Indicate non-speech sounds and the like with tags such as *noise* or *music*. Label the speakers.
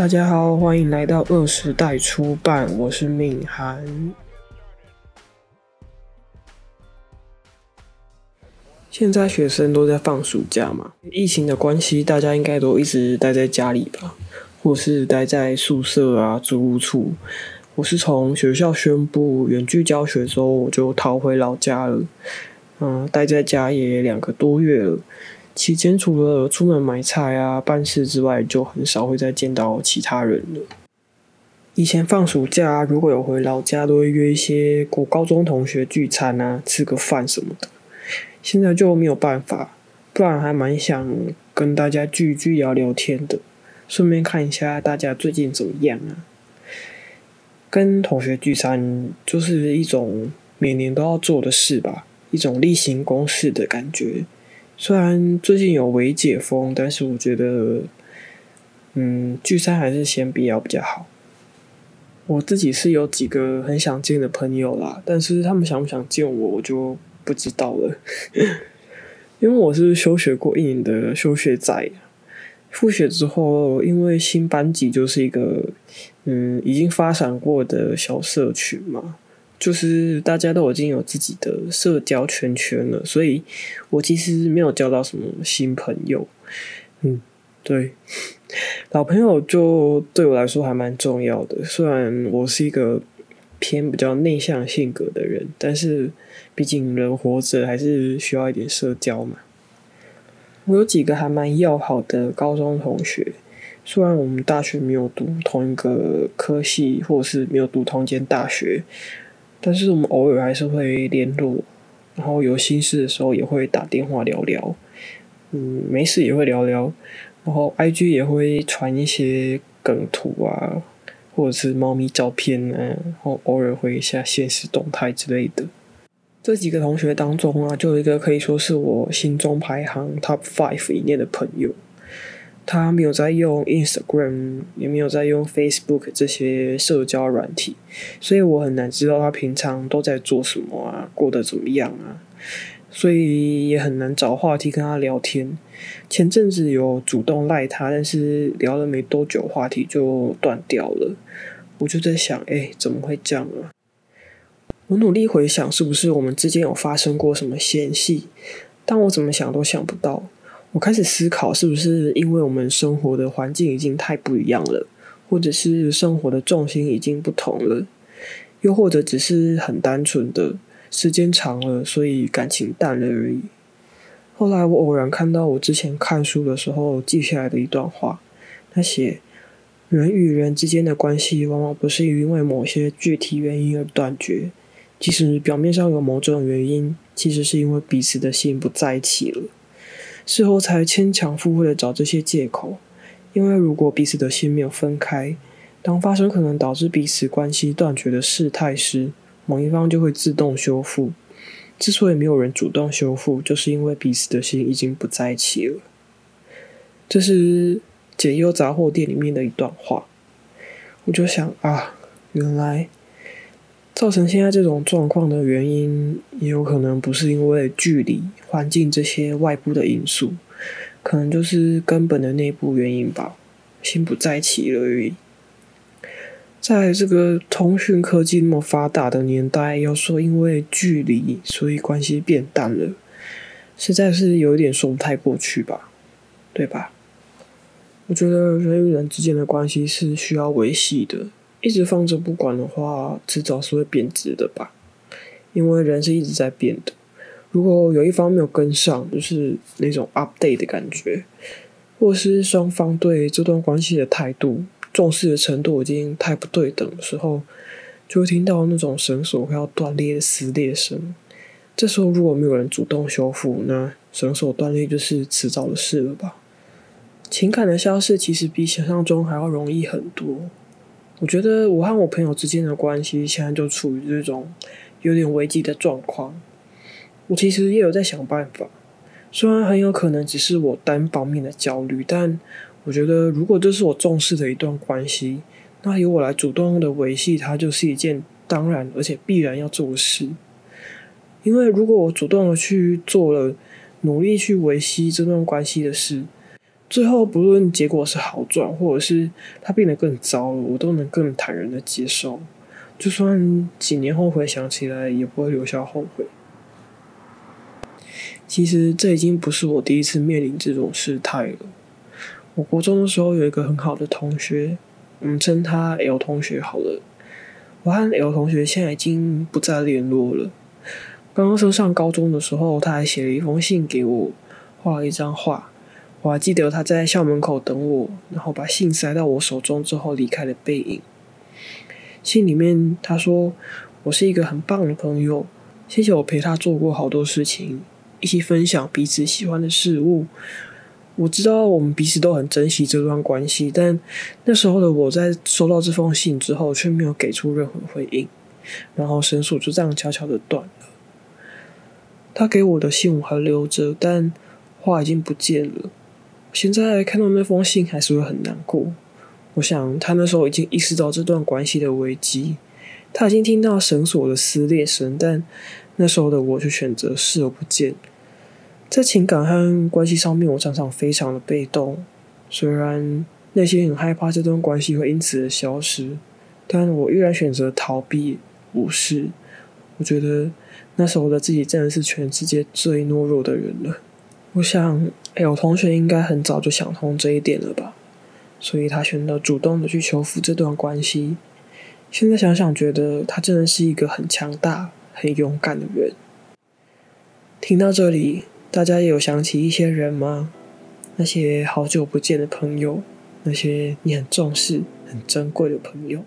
Speaker 1: 大家好，歡迎來到二時代出版，我是敏涵。現在學生都在放暑假嘛，疫情的關係，大家應該都一直待在家裡吧，或是待在宿舍啊、租屋處。我是從學校宣布遠距教學之後，我就逃回老家了。嗯、呃，待在家也兩個多月了。期間除了出門買菜啊、辦事之外，就很少會再見到其他人了。以前放暑假如果有回老家，都會約一些國高中同學聚餐啊，吃個飯什麼的。現在就沒有辦法，不然還蠻想跟大家聚聚、聊聊天的，順便看一下大家最近怎麼樣啊？跟同學聚餐就是一種每年都要做的事吧，一種例行公事的感覺。雖然最近有微解封，但是我覺得，嗯，聚餐還是先不要比較好。我自己是有幾個很想見的朋友啦，但是他們想不想見我，我就不知道了。 *laughs* 因為我是休學過一年的休學仔，復學之後，因為新班級就是一個嗯已經發展過的小社群嘛。就是大家都已經有自己的社交圈圈了，所以我其實沒有交到什麼新朋友。嗯，對，老朋友就對我來說還蠻重要的。雖然我是一個偏比較內向性格的人，但是畢竟人活着還是需要一點社交嘛。我有幾個還蠻要好的高中同學，雖然我們大學沒有讀同一個科系，或者是沒有讀同間大學。但是我們偶爾還是會聯絡，然後有心事的時候也會打電話聊聊，嗯，沒事也會聊聊，然後 IG 也會傳一些梗圖啊，或者是貓咪照片呢，啊，然後偶爾回一下限時動態之類的。這幾個同學當中啊，就有一個可以說是我心中排行 Top Five 以內的朋友。他沒有在用 Instagram，也沒有在用 Facebook 這些社交軟體，所以我很難知道他平常都在做什麼啊，過得怎麼樣啊，所以也很難找話題跟他聊天。前陣子有主動賴他，但是聊了沒多久，話題就斷掉了。我就在想，誒，怎麼會這樣啊？我努力回想，是不是我們之間有發生過什麼嫌隙？但我怎麼想都想不到。我開始思考，是不是因為我們生活的環境已經太不一樣了，或者是生活的重心已經不同了，又或者只是很單純的時間長了，所以感情淡了而已。後來我偶然看到我之前看書的時候記下來的一段話，他寫：人與人之間的關係往往不是因為某些具體原因而斷絕，即使表面上有某種原因，其實是因為彼此的心不在一起了。事後才牽強附會的找這些借口，因為如果彼此的心沒有分開，當發生可能導致彼此關係斷絕的事態時，某一方就會自動修復。之所以沒有人主動修復，就是因為彼此的心已經不在一起了。這是解憂雜貨店裡面的一段話，我就想啊，原來。造成現在這種狀況的原因，也有可能不是因為距離、環境這些外部的因素，可能就是根本的內部原因吧，心不在一起了。在這個通訊科技那麼發達的年代，要說因為距離所以關係變淡了，實在是有點說不太過去吧，對吧？我覺得人與人之間的關係是需要維繫的。一直放着不管的話，遲早是會貶值的吧。因為人是一直在變的，如果有一方沒有跟上，就是那種 update 的感覺，或是雙方對這段關係的態度、重視的程度已經太不對等的時候，就會聽到那種繩索要斷裂的撕裂聲。這時候如果沒有人主動修復，那繩索斷裂就是遲早的事了吧。情感的消失其實比想象中還要容易很多。我覺得我和我朋友之間的關係現在就處於這種有點危機的狀況。我其實也有在想辦法，雖然很有可能只是我單方面的焦慮，但我覺得如果這是我重視的一段關係，那由我來主動的維繫它就是一件當然而且必然要做的事。因為如果我主動的去做了努力去維繫這段關係的事。最後，不論結果是好轉，或者是他變得更糟了，我都能更坦然的接受。就算幾年後回想起來，也不會留下後悔。其實，這已經不是我第一次面臨這種事態了。我國中的時候有一個很好的同學，我們稱他 L 同學好了。我和 L 同學現在已經不再聯絡了。剛剛升上高中的時候，他還寫了一封信給我，畫了一張畫。我還記得他在校門口等我，然後把信塞到我手中之後離開的背影。信裡面他說：“我是一個很棒的朋友，謝謝我陪他做過好多事情，一起分享彼此喜歡的事物。”我知道我們彼此都很珍惜這段關係，但那時候的我在收到這封信之後卻沒有給出任何回應，然後繩索就這樣悄悄地斷了。他給我的信我還留着，但畫已經不見了。現在看到那封信還是會很難過。我想他那時候已經意識到這段關係的危機，他已經聽到繩索的撕裂聲，但那時候的我卻選擇視而不見。在情感和關係上面，我常常非常的被動，雖然內心很害怕這段關係會因此而消失，但我依然選擇逃避、無視。我覺得那時候的自己真的是全世界最懦弱的人了。我想，欸，我同學應該很早就想通這一點了吧，所以他選擇主動的去修復這段關係。現在想想，覺得他真的是一個很強大、很勇敢的人。聽到這裡，大家也有想起一些人嗎？那些好久不見的朋友，那些你很重視、很珍貴的朋友。